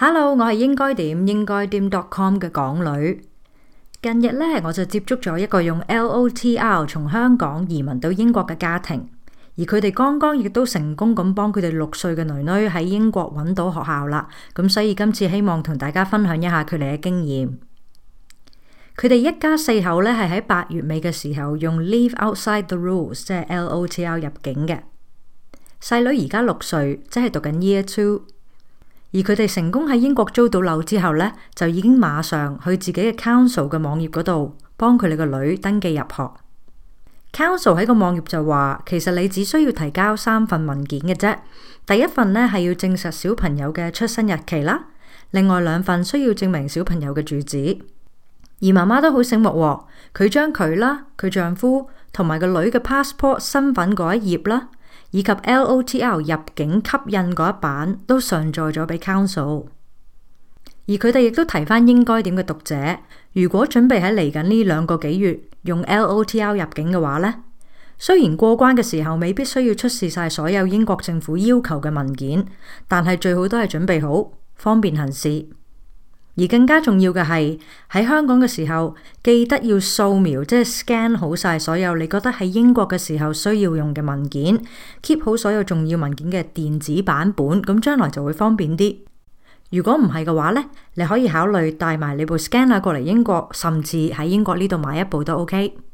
Hello，我係應該點應該點 dotcom 嘅港女。近日咧，我就接觸咗一個用 LOTL 從香港移民到英國嘅家庭，而佢哋剛剛亦都成功咁幫佢哋六歲嘅囡囡喺英國揾到學校啦。咁所以今次希望同大家分享一下佢哋嘅經驗。佢哋一家四口咧，係喺八月尾嘅時候用 Leave Outside the Rules，即係 LOTL 入境嘅。細女而家六歲，即係讀緊 Year Two。而佢哋成功喺英國租到樓之後呢，就已經馬上去自己嘅 Council 嘅網頁嗰度，幫佢哋個女登記入學。Council 喺個網頁就話，其實你只需要提交三份文件嘅啫。第一份呢係要證實小朋友嘅出生日期啦，另外兩份需要證明小朋友嘅住址。而媽媽都好醒目喎、哦，佢將佢啦、佢丈夫同埋個女嘅 passport 身份嗰一頁啦，以及 L O T L 入境吸引嗰一版都上載咗俾 Council，而佢哋亦都提翻應該點嘅讀者，如果準備喺嚟緊呢兩個幾月用 L O T L 入境嘅話呢，雖然過關嘅時候未必需要出示晒所有英國政府要求嘅文件，但係最好都係準備好，方便行事。而更加重要嘅係喺香港嘅時候，記得要掃描，即係 scan 好晒所有你覺得喺英國嘅時候需要用嘅文件，keep 好所有重要文件嘅電子版本，咁將來就會方便啲。如果唔係嘅話咧，你可以考慮帶埋你部 scanner 過嚟英國，甚至喺英國呢度買一部都 OK。